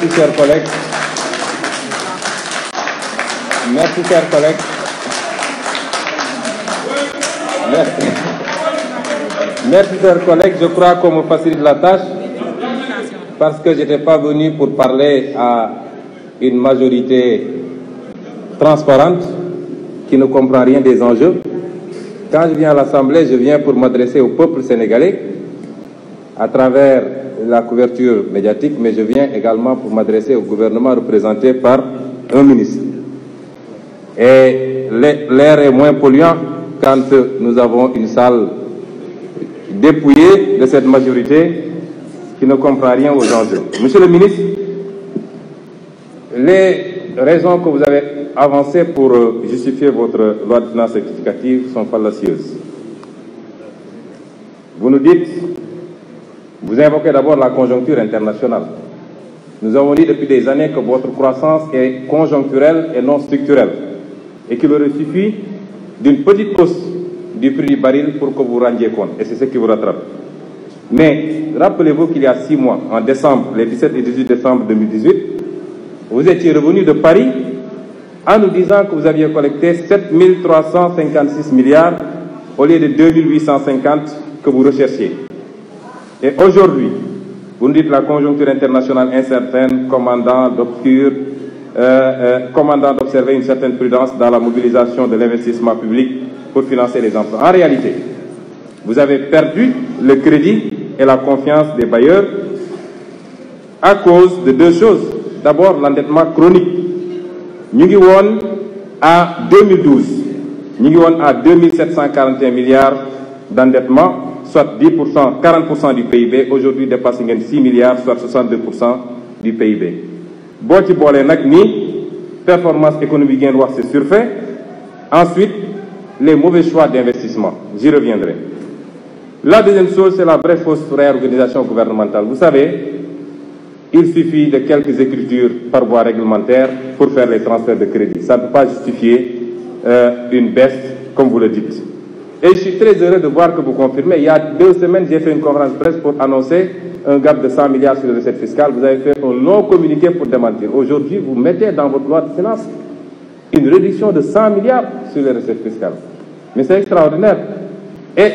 Merci, chers collègues. Merci, chers collègues. Merci. chers collègues. Je crois qu'on me facilite la tâche parce que je n'étais pas venu pour parler à une majorité transparente qui ne comprend rien des enjeux. Quand je viens à l'Assemblée, je viens pour m'adresser au peuple sénégalais à travers la couverture médiatique, mais je viens également pour m'adresser au gouvernement représenté par un ministre. Et l'air est moins polluant quand nous avons une salle dépouillée de cette majorité qui ne comprend rien aux enjeux. Monsieur le ministre, les raisons que vous avez avancées pour euh, justifier votre loi de finances sont fallacieuses. Vous nous dites vous invoquez d'abord la conjoncture internationale. Nous avons dit depuis des années que votre croissance est conjoncturelle et non structurelle et qu'il aurait suffit d'une petite hausse du prix du baril pour que vous rendiez compte. Et c'est ce qui vous rattrape. Mais rappelez-vous qu'il y a six mois, en décembre, les 17 et 18 décembre 2018, vous étiez revenu de Paris en nous disant que vous aviez collecté 7 356 milliards au lieu de 2850 que vous recherchiez. Et aujourd'hui, vous nous dites la conjoncture internationale incertaine, commandant euh, euh, commandant d'observer une certaine prudence dans la mobilisation de l'investissement public pour financer les emplois. En réalité, vous avez perdu le crédit et la confiance des bailleurs à cause de deux choses. D'abord, l'endettement chronique. Nous avons à 2012, nous à 2741 milliards d'endettement soit 10%, 40% du PIB aujourd'hui dépasse 6 milliards soit 62% du PIB Bon, tu vois les ni performance économique ngeen wax c'est surfait ensuite les mauvais choix d'investissement j'y reviendrai la deuxième chose c'est la vraie fausse réorganisation gouvernementale vous savez il suffit de quelques écritures par voie réglementaire pour faire les transferts de crédit ça ne peut pas justifier euh, une baisse comme vous le dites et je suis très heureux de voir que vous confirmez. Il y a deux semaines, j'ai fait une conférence presse pour annoncer un gap de 100 milliards sur les recettes fiscales. Vous avez fait un long communiqué pour démentir. Aujourd'hui, vous mettez dans votre loi de finances une réduction de 100 milliards sur les recettes fiscales. Mais c'est extraordinaire. Et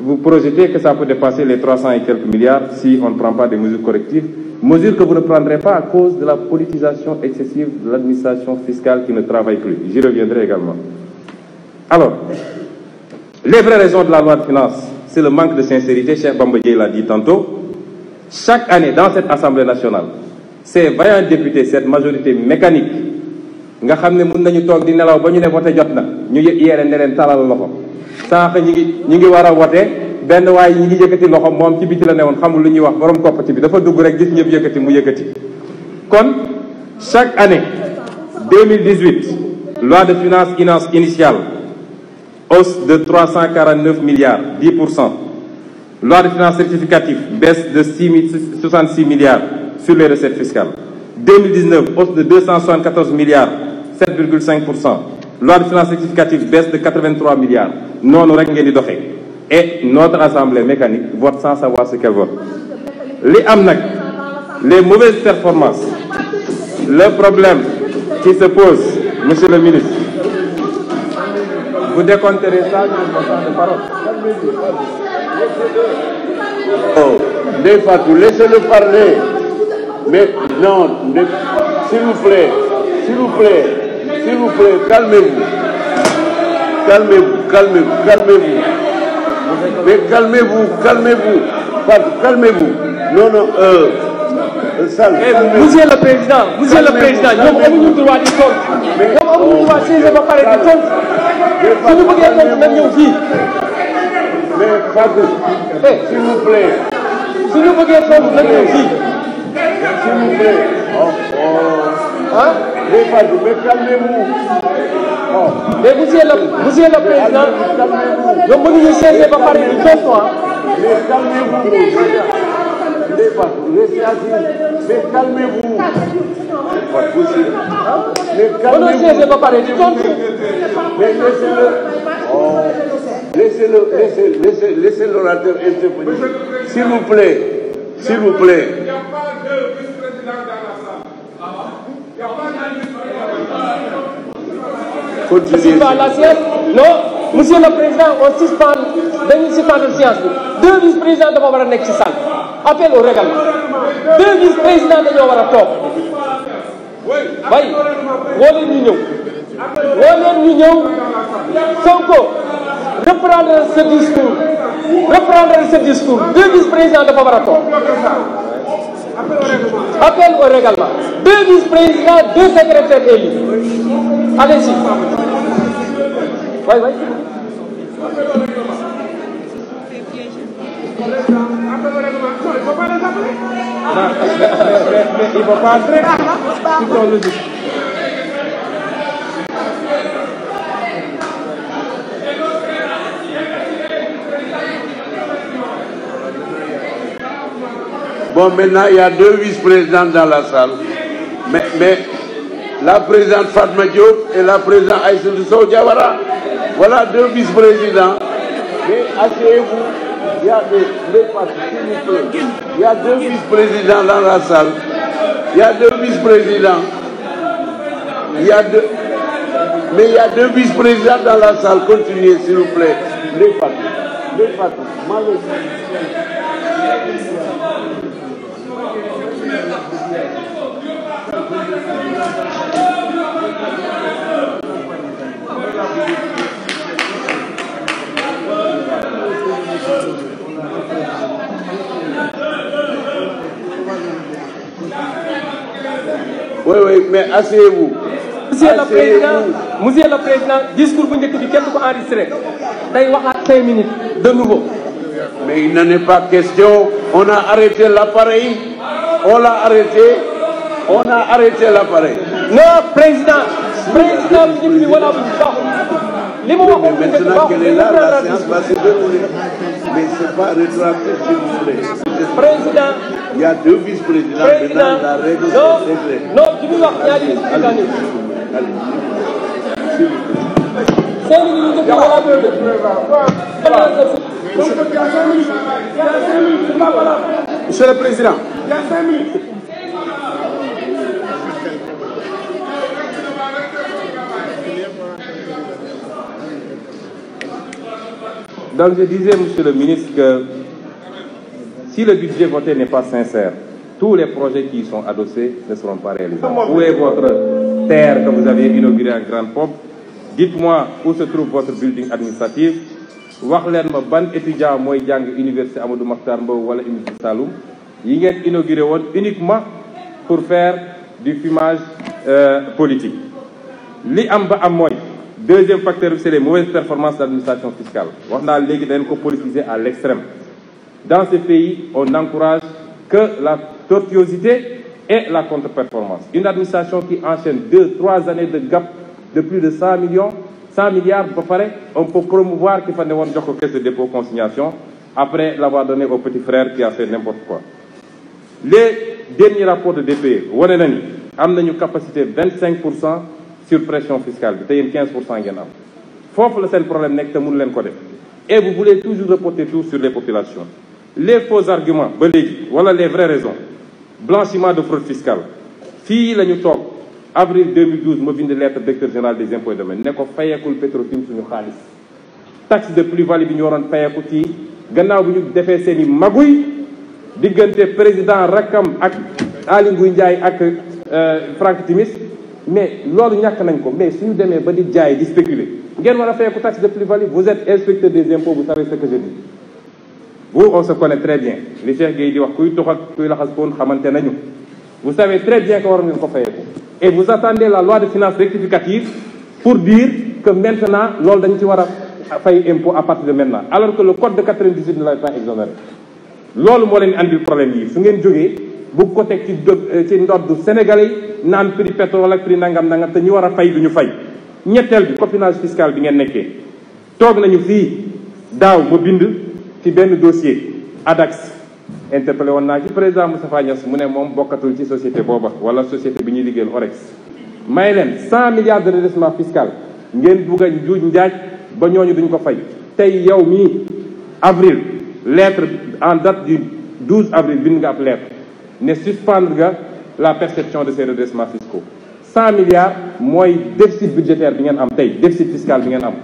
vous projetez que ça peut dépasser les 300 et quelques milliards si on ne prend pas des mesures correctives. Mesures que vous ne prendrez pas à cause de la politisation excessive de l'administration fiscale qui ne travaille plus. J'y reviendrai également. Alors, les vraies raisons de la loi de finances, c'est le manque de sincérité, cher Bambadier l'a dit tantôt. Chaque année, dans cette Assemblée nationale, ces vaillants députés, cette majorité mécanique, nga xamné mën nañu tok di nelaw ba ñu ne voté jot na ñu yeere ne leen talal loxo sànq ñi ngi ñi ngi wara a voté benn way ñi ngi yëkkati loxo moom ci biti la néwon xamul lu ñuy wax borom kopp ci bi dafa dugg rek gis ñëp yëkëti mu yëkëti kon chaque année 2018 loi de finances initiale hausse de 349 milliards, 10%. Loi de finances rectificative, baisse de 66 milliards sur les recettes fiscales. 2019, hausse de 274 milliards, 7,5%. Loi de finances rectificative, baisse de 83 milliards. Non, nous Et notre assemblée mécanique vote sans savoir ce qu'elle vote. Les AMNAC, les mauvaises performances, le problème qui se pose, monsieur le ministre, vous décompterez ça d'une vous de parole. Oh, les Fatou, laissez-le parler. Mais non, s'il vous plaît, s'il vous plaît, s'il vous plaît, calmez-vous. Calmez-vous, calmez-vous, calmez-vous. Mais calmez-vous, calmez-vous. par calmez-vous. Non, non, euh. Eh, vous êtes le président, vous êtes le président. Nous avons le droit de sortir. Nous avons le droit de parler de sortir. Si nous voulons être même nos Mais eh, S'il vous plaît. Si nous voulons être même nos vies. S'il vous plaît. Hein? hein? Mais mais calmez-vous. Oh. Mais vous êtes le, vous êtes le président. Nous avons le droit de siéger par parler de sortir. Mais calmez-vous pas calmez-vous. calmez-vous. Mais laissez-le. Laissez-le, laissez, laissez, laissez l'orateur intervenir. S'il vous plaît, s'il vous plaît. Il a pas président dans la salle. Non Monsieur le Président, on suspend de séance deux vice-présidents de avoir appel au règlement deux dañoo war a toog bay woo leen ñu ñëw woo leen ñu ñëw Sonko reprendre ce deux vice président a toog appel deux vice président deux Bon, maintenant, il y a deux vice-présidents dans la salle. Mais, la présidente Fatma Diop et la présidente Aïssou Sow Diawara. Voilà deux vice-présidents. Mais asseyez-vous. Il y a des, il y a deux vice-présidents dans la salle. Il y a deux vice-présidents. Il y a deux. Mais il y a deux vice-présidents dans la salle. Continuez, s'il vous plaît. Les Deux Les oui oui mais asseyez-vous. monsieur le président monsieur le président discours vous njëkk bi kenn minutes de nouveau. mais il n'en est pas question on a arrêté l'appareil on l'a arrêté on a arrêté l'appareil. non président président vous voilà, li mu waxoon bu njëkk baaxul li mu mais c'est pas rétroactif président. il y a deux vice-présidents. président la règle non non ci biir wax ñaari vice-présidents yi. seen i ñu njëkk a de deux deux. monsieur le président. Donc je disais, Monsieur le ministre, que si le budget voté n'est pas sincère, tous les projets qui y sont adossés ne seront pas réalisés. Où est votre terre que vous avez inaugurée en grande pompe Dites-moi où se trouve votre building administratif. wax ma ban étudiant université Amadou Makhtar wala université Saloum inauguré uniquement pour faire du fumage euh, politique li am deuxième facteur c'est les mauvaises performances de l'administration fiscale On a léegi d'un à l'extrême dans ces pays on n'encourage que la tortuosité et la contre-performance une administration qui enchaîne deux trois années de gap de plus de 100 millions 100 milliards on peut promouvoir qu'il fa ne caisse de dépôt consignation après l'avoir donné au petit frère qui a fait n'importe quoi les derniers rapports de DP, on a une capacité de sur pression fiscale bi te yéen 15 pour cent ngeen am foofu la seen problème nekk te mënu leen ko def et vous voulez toujours reporter tout sur les populations les faux arguments ba léegi wala les vraies raisons blanchiment de fraude fiscale fii la ñu toog avril 2012 ma bind lettre directeur général des impôts et domaines ne ko fayeekul sur suñu xaalis taxe de plus-value bi ñu waroon fayeeku ci gannaaw bi ñu defee seen i maguy diggante président rakam ak Aly Ngouille Ndiaye euh, Franck Timis mais loolu ñàkk nañ ko mais suñu vous ba di jaay di spéculer ngeen war a taxe de plus-value vous êtes inspecteur des impôts vous savez ce que je dis vous on se connaît très bien Les chefs qui wax kuy tux ak kuy laxas vous savez très bien que vous avez ko et vous attendez la loi de finances rectificative pour dire que maintenant vous dañ fait des impôt à partir de maintenant alors que le code de 98 ne l'avait pas exonéré ce qui est le problème yi su ngeen vous bu ko teg ci euh, ci ndodd sénégalais nan prix pétrole ak prix nangam nangam te ñu wara fay duñu fay ñettel bi copinage fiscal bi ngeen nekké tok nañu fi daw ma bind ci ben dossier ADAX interpellé woon naa ci président Moustapha Niass mu ne moom bokkatul ci société boba wala société bi ñi liggéel Orex may len 100 milliards de redressement fiscal ngeen bugg a njuuj ba ñoñu duñ ko fay tay yow mi avril lettre en date du 12 avril bind nga lettre ne suspendre nga la perception de ces redressements fiscaux 100 milliards moins déficit budgétaire bi ngeen am déficit fiscal bi ngeen am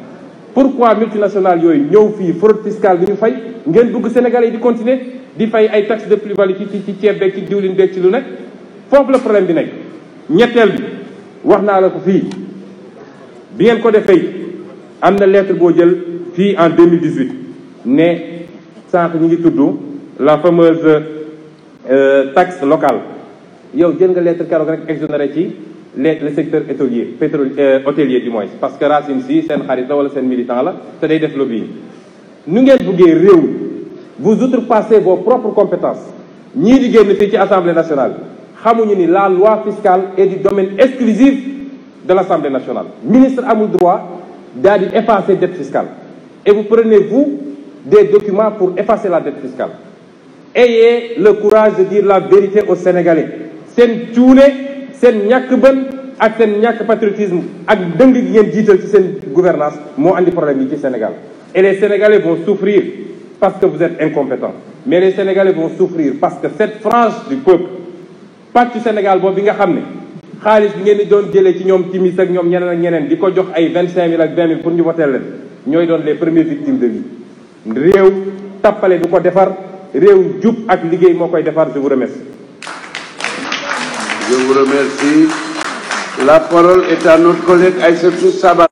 pourquoi multinationales yooyu ñëw fii fraude fiscale bi ñu fay ngeen dugg Sénégalais yi di continuer di fay taxe de plus-value qui ci ceeb beeg ci diwlin beeg ci lu problème bi nekk ñetteel bi wax naa la ko fii bi ngeen ko defee am lettre boo jël en 2018 ne sànq ñu ngi doux, la fameuse euh, taxe locale yow jël nga lettre qui rek exonéré ci le secteur hôtelier pétrole euh, hôtelier du moins parce que Racine si seen xarit la wala seen militant la te day def lobby nu ngeen buggee réew vous outrepassez vos propres compétences ñii di génn fii ci assemblée nationale xamuñu ni la loi fiscale est du domaine exclusif de l'Assemblée assemblée nationale ministre amul droit d'effacer la effacer dette fiscale et vous prenez vous des documents pour effacer la dette fiscale ayez le courage de dire la vérité aux Sénégalais sen cuune sen ñak bën ak sen ñak patriotisme ak dëng gi ngeen jiital ci sen gouvernance mo andi problème yi ci Sénégal et les Sénégalais vont souffrir parce que vous êtes incompétents mais les Sénégalais vont souffrir parce que cette frange du peuple du Sénégal bo bi nga xamné xaaliss xaalis bi ngeen di doon jëlee ci ñom timis ak ñom ñeneen ak ñeneen di jox ay 25000 ak 20000 pour ñu woteel leen ñoy doon les premières victimes de lii réew tapalé du ko défar réew djub ak liguey mo koy défar je vous remercie je vous remercie. La parole est à notre collègue Aïssatou Sabat.